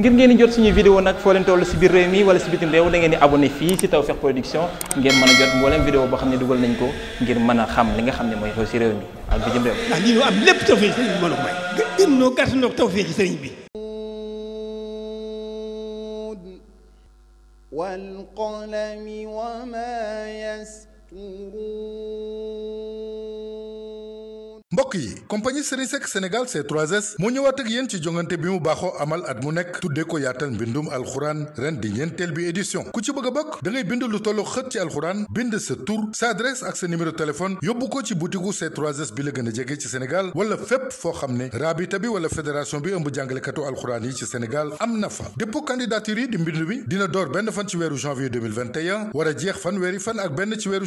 ngir ngeen di jot suñu vidéo nag foo leen toll si biir réew mi wala si bitim réew da ngeen di abonné fii si Tawfekh Production ngeen mën a jot mboolem vidéo boo xam ne dugal nañ ko ngir mën a xam li nga xam ne mooy xew si réew mi ak bitim réew. ndax lii ñu am lépp a ko may. gën sëriñ bi. mbokk yi compagnie Serigne Seck Sénégal C3S moo ñëwaat ak ci jongante bi mu baaxoo amal at mu nekk tuddee ko yaatal mbindum alxuraan ren di ñeenteel bi édition ku ci bëgg a bokk da ngay bind lu tollu xët ci alxuraan bind sa tur sa adresse ak sa numéro téléphone yóbbu ko ci butiku c 3 bi la gën a jege ci Sénégal wala fépp foo xam ne raabita bi wala fédération bi ëmb jàngalekatu alxuraan yi ci Sénégal am na fa dépôt candidature yi di mbind bi dina door benn fan ci weeru a jeex fanweeri fan ak benn ci weeru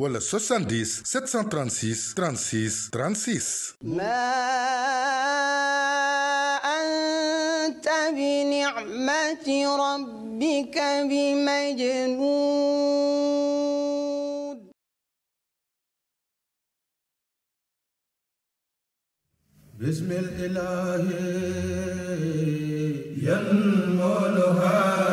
wala 70 736 36 36. بسم الإله ينملها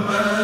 Muhammad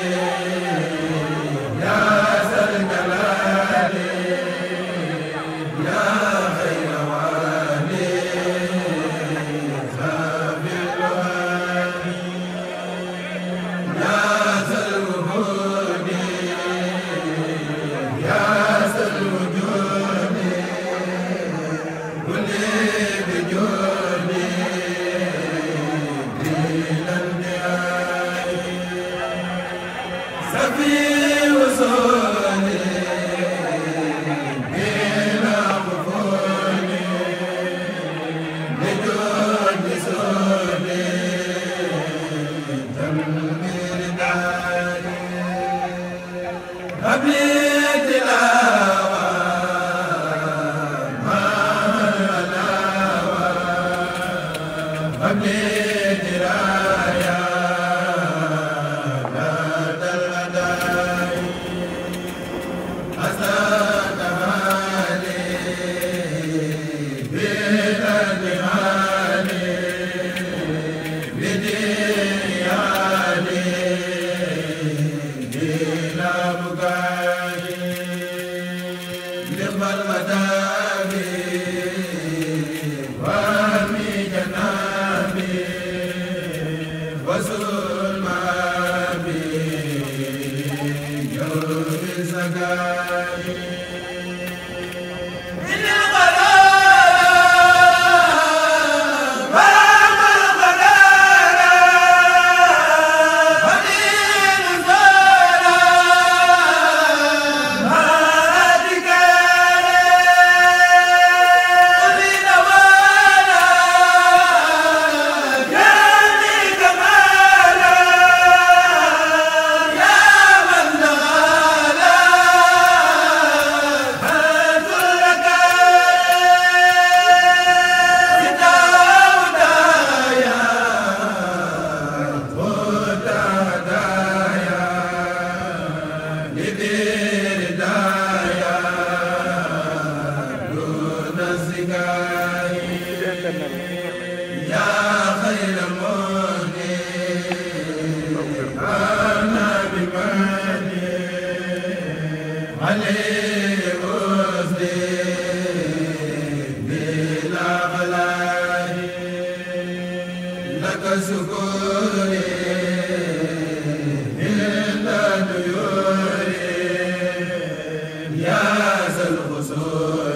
Amen. yaa zal xusul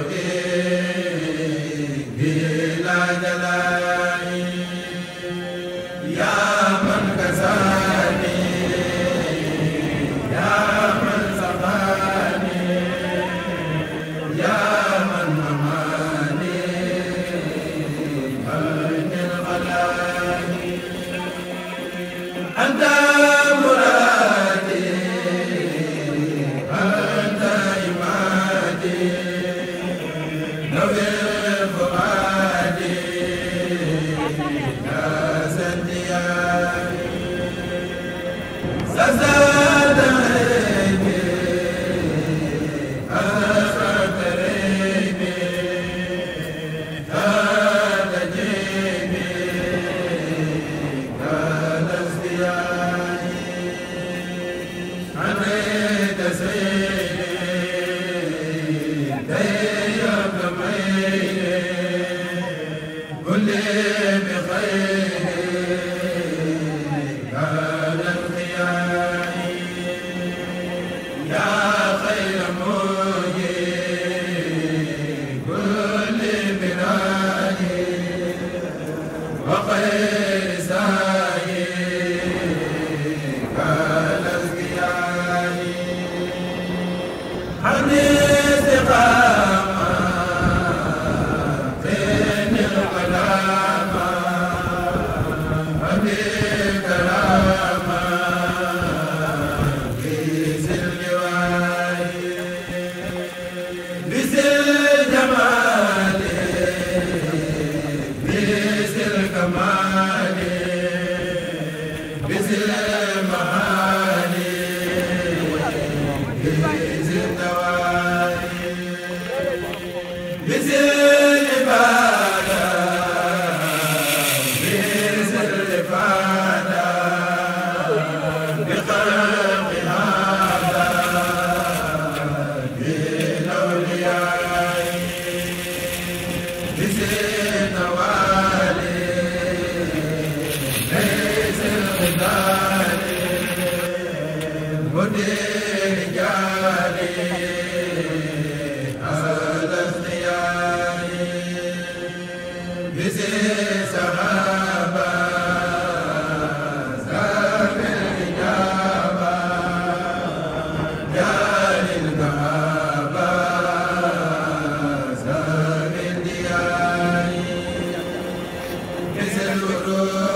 Amen.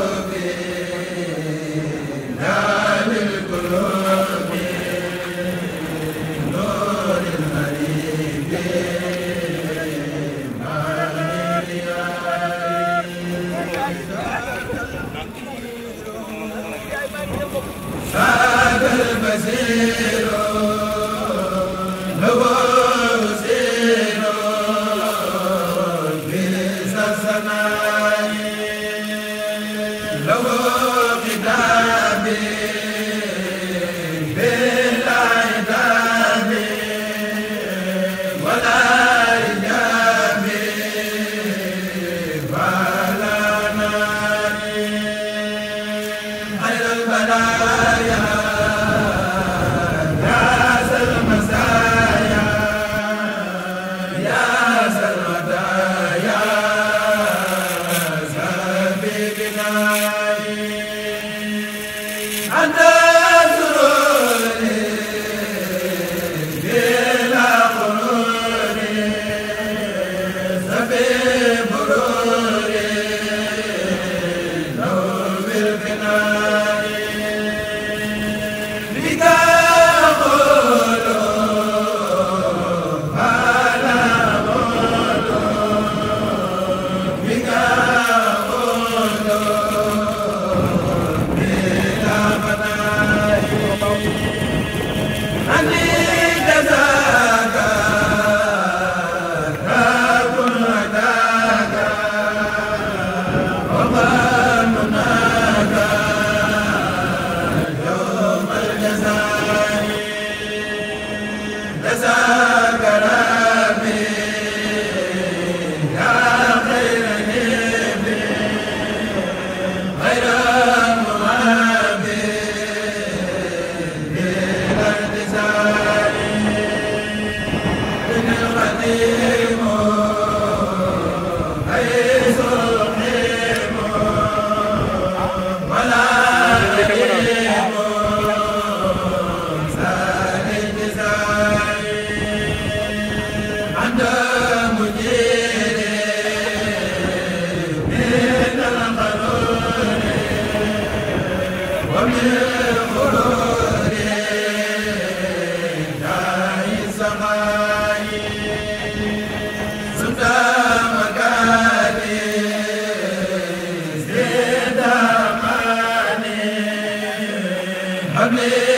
amiin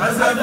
حسب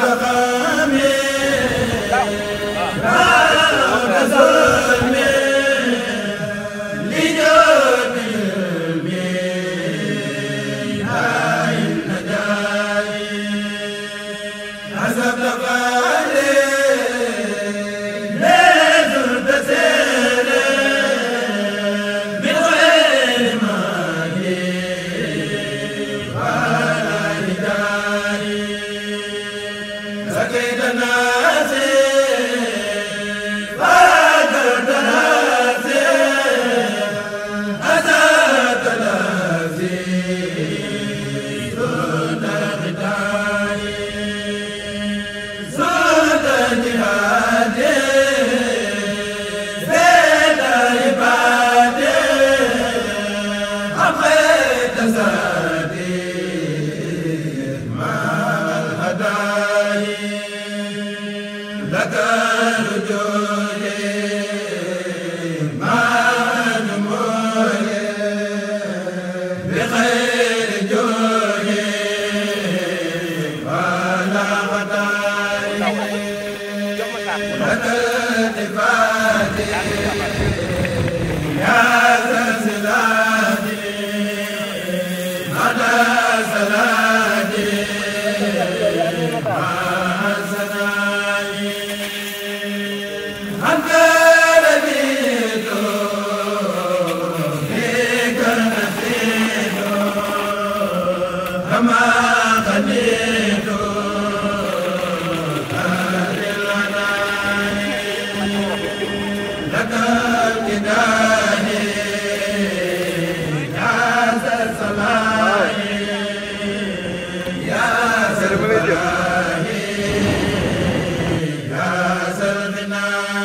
Amen.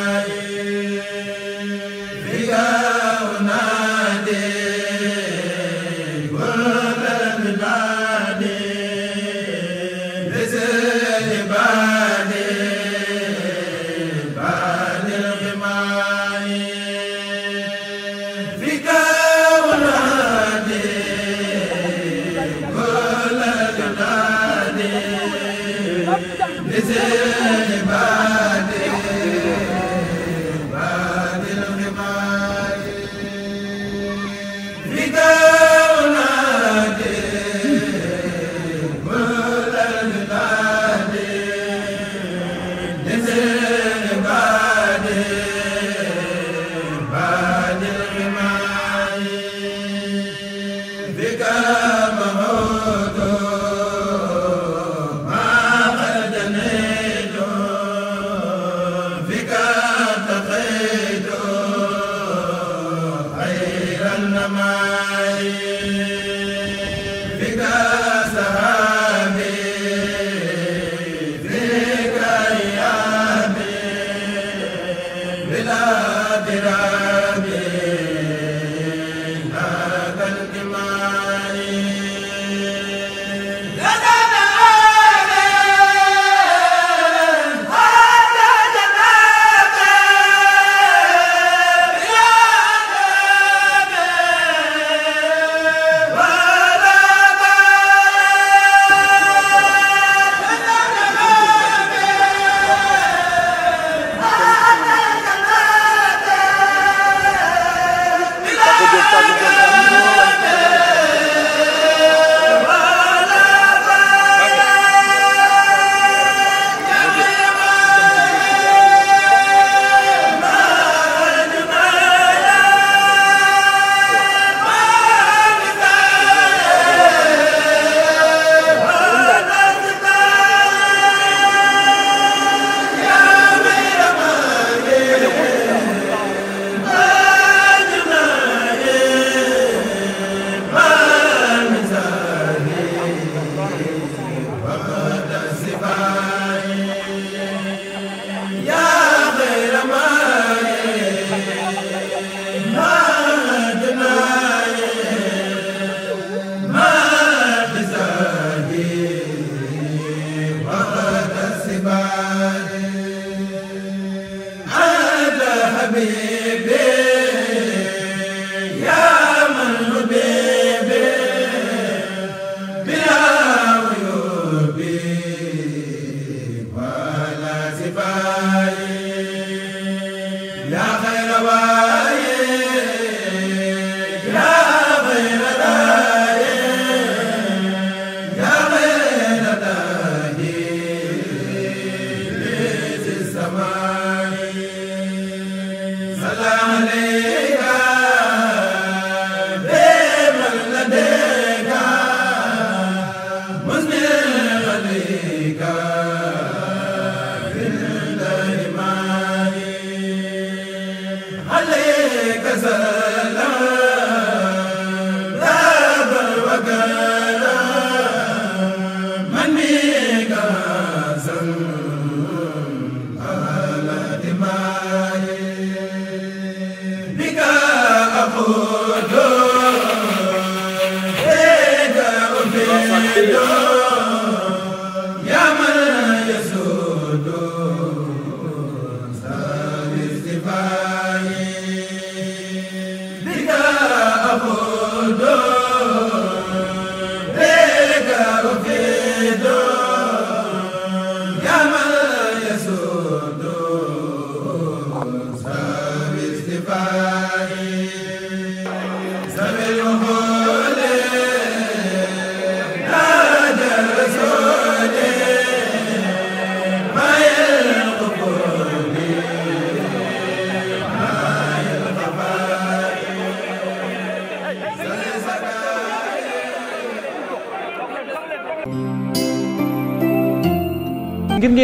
عليك زاد